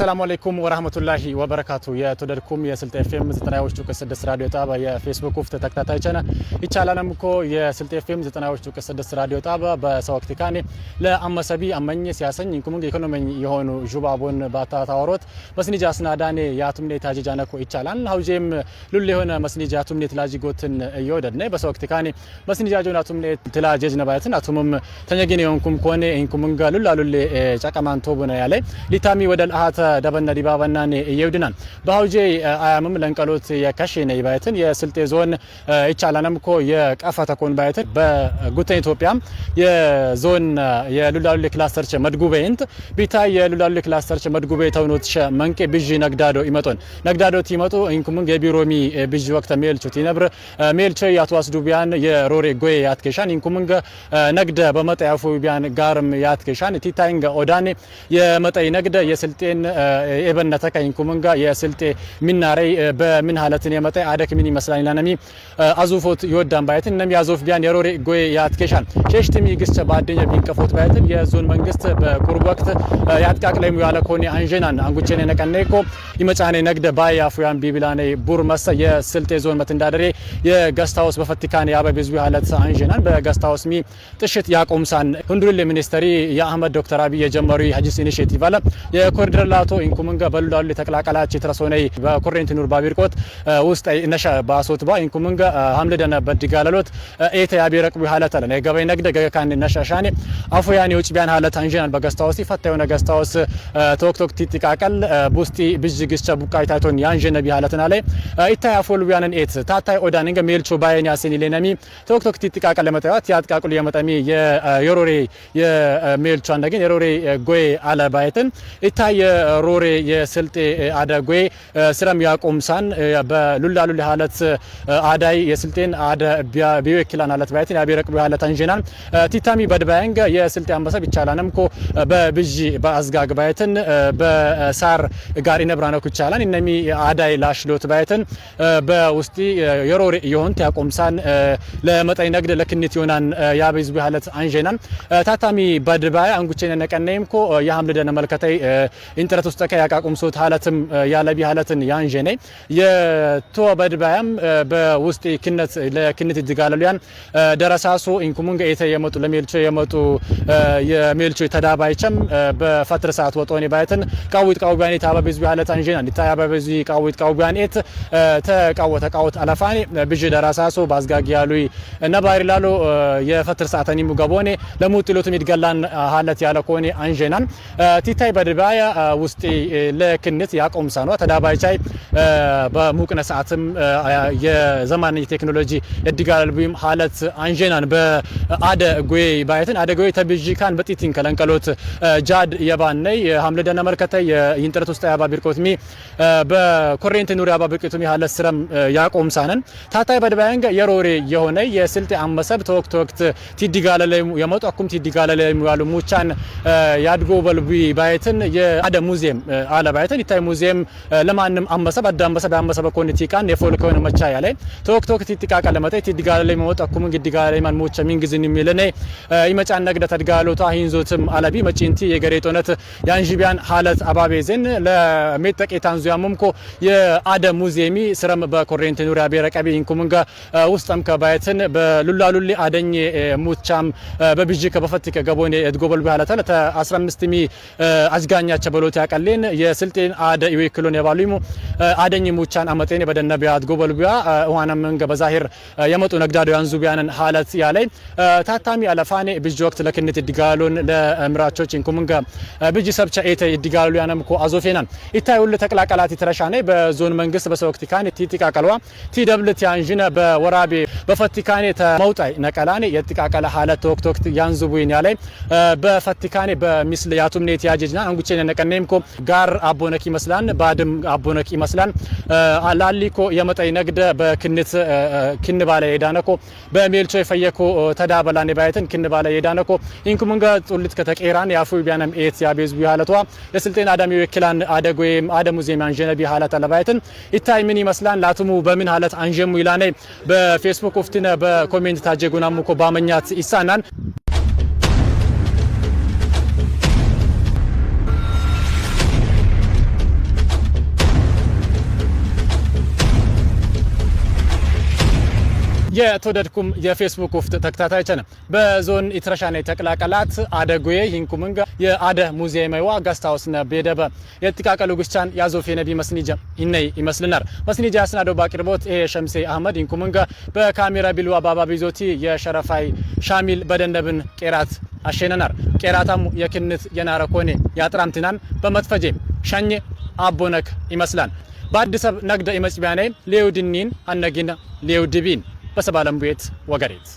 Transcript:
አሰላሙ አለይኩም ወራህመቱላሂ ወበረካቱ የተወደድኩም የስልጤ ኤፍኤም 90ዎቹ ከ6 ራዲዮ ጣባ የፌስቡክ ውፍት ተከታታይ ቻና ይቻላለም እኮ የስልጤ ኤፍኤም 90ዎቹ ከ6 ራዲዮ ጣባ በሰወክቲ ካኔ ለአመሰቢ አመኝ ሲያሰኝ እንኩሙን ኢኮኖሚ የሆኑ ጁባቦን ባታ ታወሮት መስኒጃ ስናዳኔ ያቱምኔ ታጀጃነ እኮ ይቻላል ሀውጄም ሉል የሆነ መስኒጃ ያቱምኔ ትላጅጎትን እየወደድነ በሰወክቲ ካኔ መስኒጃ ጆን ያቱምኔ ትላጀጅ ነባያትን አቱምም ተኘጊን የሆንኩም ከሆነ ኢንኩሙንጋ ሉላ ሉሌ ጫቀማን ቶቡነ ያለ ሊታሚ ወደ ልአሃተ ደበነ ዲባባና የውድናን በሀውጄ አያምም ለንቀሎት የከሽነ ይባይትን የስልጤ ዞን ይቻላንም ኮ የቀፈተ ተኮን ባይትን በጉተን ኢትዮጵያ የዞን የሉላሉ ክላስተርች መድጉበይንት ቢታ የሉላሉ ክላስተርች መድጉበይ ተውኖት ሸ መንቄ ብዥ ነግዳዶ ይመጡን ነግዳዶ ይመጡ እንኩምን የቢሮሚ ብዥ ወቅት ሜልቹ ቲነብር ሜልቸ ያትዋስ ዱቢያን የሮሬ ጎይ ያትከሻን እንኩምን ነግደ በመጣያፉ ቢያን ጋርም ያትከሻን ቲታይንገ ኦዳኔ የመጣይ ነግደ የስልጤን ኤበነተ ከይንኩምንጋ የስልጤ ሚናረይ በምን ሀለትን የመጣ አደክ ምን ይመስላል ለነሚ አዙፎት ይወዳን ባየትን ነሚ አዙፍ ቢያን የሮሬ ጎይ ያትከሻል ሸሽትም ይግስቸ ባደኛ ቢንቀፎት ባየትን የዞን መንግስት በቁርብ ወቅት ያትቃቅለሙ ያለ ኮኔ አንጀናን አንጉቼኔ ነቀነኮ ይመጫኔ ነግደ ባያ ፉያን ቡር መሰ የስልጤ ዞን መት እንዳደሬ የገስታውስ በፈቲካኔ ያበ ብዙ ሀለት አንጀናን በገስታውስ ሚ ጥሽት ያቆምሳን ሁንዱል ሚኒስተሪ የአህመድ ዶክተር አብይ የጀመሩ ሀጂስ ኢኒሼቲቭ አለ የኮሪደር አቶ ኢንኩምንገ በሉላሉ ተቀላቀላች ተረሶነ በኮሬንቲ ኑር ባቢርቆት ውስጥ ነሻ ባሶትባ ኢንኩምንገ ሐምለ ደነ በድጋለሎት ኤተ ያቢረቅቡ ሀለት አለ ገበይ ነግደ ገካን ነሻሻኔ አፉ ያኔ ውጭ ቢያን ሀለት አንጀናን በገስታውስ ይፈታዩ ነገስታውስ ቶክቶክ ቲጥቃቀል ቡስቲ ብጅግስቸ ቡቃይ ታይቶን ያንጀነ ቢሀለትና ላይ ኢታይ አፎል ቢያንን ኤት ታታይ ኦዳን ገ ሜልቾ ባየን ያሴን ሌነሚ ቶክቶክ ቲጥቃቀል ለመጣያት ያጥቃቁል የመጠሚ የሮሬ የሜልቾ እንደገን የሮሬ ጎይ አለባይትን ኢታይ ሮሬ የስልጤ አደጎ ስረም ሳን በሉላ ሉላ ሀለት አዳይ የስልጤን አደ ቢወኪላን አለት ባይትን ያቢረቅቡ ሀለት አንጀናን ቲታሚ በድባያንገ የስልጤ አንበሳ ቢቻላንም ኮ በብዢ በአዝጋግ ባይትን በሳር ጋር ይነብራነኩ ይቻላን እነሚ አዳይ ላሽሎት ባይትን በውስጢ የሮሬ የሆን ያቆም ሳን ለመጠኝ ነግድ ለክኒት ይሆናን ያበዝቡ ሀለት አንጀናን ታታሚ በድባያ አንጉቼ ነቀነይም ኮ የሀምልደነ መልከተይ ኢንትረ መሰረት ውስጥ ሶት ሀለትም ያለቢ ሀለትን ያንጀኔ በድባያም በውስጥ ክነት ለክነት ይድጋለሉ ያን ደረሳሶ ኢንኩሙንገ ኤተ የመጡ ለሜልቾ የመጡ የሜልቾ ተዳባይቸም በፈትር ሰዓት ወጦኒ ባይተን ቃዊት ቃውቢያን የታባበዝ ቢያለት አንጀና እንዲታያባበዝ ቃዊት ቃውቢያን ኤት ተቃወተ ቃወት አለፋኔ ብዥ ደረሳሶ ባዝጋጊ ያሉይ እና ባሪ ላሎ የፈትር ሰዓተኒ ሙገቦኔ ለሙጥሎቱም ይድገላን ሀለት ያለ ኮኔ አንጀናን ቲታይ በድባያ ውስጥ ለክንት ተዳባይ ቻይ በሙቅነ ሰዓትም የዘማን የቴክኖሎጂ እድጋልብም ሀለት አንጀናን በአደ ጎይ ባይትን አደ ጎይ ተብዥ ካን በጢቲን ከለንቀሎት ጃድ የባነይ ሀምለ ደነ መርከተይ ይንጥረት ውስጥ ያባ ቢርቆትሚ በኮሬንት ኑሪ ያባ ቢርቆትሚ ሀለት ስረም ያቆምሳነን ታታይ በድባያንገ የሮሬ የሆነ የስልጤ አመሰብ ተወቅት ወቅት ቲዲጋለለ የመጡ አኩም ቲዲጋለለ ያሉ ሙቻን ያድጎ በልቢ ባይትን የአደ ሙዚ ሙዚየም አለባይተን ባይተን ይታይ ሙዚየም ለማንም አንበሰብ አዳንበሰ በአንበሰ በኮን ቲቃን የፎል ከሆነ መቻያ ላይ ተወክ ተወክ ቲቃቃ ለመጣ ቲድጋለ ላይ መወጣ ኩሙ ግድጋለ ላይ ማን ሞቻ ሚን ግዝን የሚለነ ይመጫን ነግደ ተድጋሎታ ሂንዞትም አለቢ መጪንቲ የገሬጦነት ያንጂቢያን ሀለት ዘን ለሜጠቅ የታንዙያሙም ኮ የአደ ሙዚየሚ ስረም በኮሬንት ኑሪያ ቤረቀቢ ኢንኩምንጋ ውስጠም ከባይተን በሉላሉሊ አደኝ ሙቻም በብጂ ከበፈት ከገቦኔ የትጎበል ባህላታ ለተ 15 ሚ አዝጋኛቸ በሎት ቀሌን የስልጤን አደ ይወክሉን የባሉሙ አደኝ ሙቻን አመጤን በደነ ቢያት ጎበል ቢያ ዋና መንገ በዛሂር የመጡ ነግዳዶ ያንዙ ቢያንን ሀለት ያለይ ታታሚ አለፋኔ ብጅ ወቅት ለክነት ይድጋሉን ለምራቾች እንኩምንገ ብጅ ሰብቻ ኤተ ይድጋሉ ያነምኮ አዞፌናን ይታዩል ተቅላቀላት ይተረሻኔ በዞን መንግስት በሰወክቲ ካን ቲቲቃቀልዋ ቲደብልት ያንዥነ በወራቤ በፈቲካኔ ተመውጣይ ነቀላኔ የጥቃቀለ ሀለ ወቅት ወቅት ያንዝቡይን ያላይ በፈቲካኔ በሚስል ያቱም ኔት ያጀጅና አንጉቼ ኮ ጋር አቦነክ ይመስላን ባድም አቦነክ ይመስላን አላሊኮ የመጠይ ነግደ በክንት ክን ባለ የዳነኮ በሜልቾ የፈየኮ ተዳበላኔ ባየትን ክን ባለ የዳነኮ ኢንኩምንገ ጡልት ከተቀራን ያፉ ቢያነም ኤት ያቤዝቡ ሀለቷ የስልጤን አዳሚ ወክላን አደጎይም አደሙ ዜማን አንጀነቢ ሀለት አለባየትን ይታይ ምን ይመስላን ላቱሙ በምን ሀለት አንጀሙ ይላኔ በፌስቡክ ቆፍቲነ በኮሜንት ታጀጉናም ኮ ባመኛት ኢሳናን የተወደድኩም የፌስቡክ ውፍት ውፍጥ ተከታታይችን በዞን ኢትረሻኔ ተቅላቀላት አደጉዬ ሂንኩምንጋ የአደ ሙዚየም ጋስታውስ ነ ቤደበ የጥቃቀሉ ጉስቻን ያዞፌ ነቢ መስኒጀ ይነይ ይመስልናል መስኒጀ ያስናዶ ባቅርቦት ይሄ ሸምሴ አህመድ ሂንኩምንጋ በካሜራ ቢልዋ ባባ ቢዞቲ የሸረፋይ ሻሚል በደንደብን ቄራት አሸነናር ቄራታሙ የክንት የናረኮኔ ያጥራምትናን በመትፈጄ ሸኜ አቦነክ ይመስላል በአዲስ አበባ ነግደ ኢመጽቢያኔ ሌውድኒን አነጊነ ሌውድቢን በሰባለም ቤት ወገሬት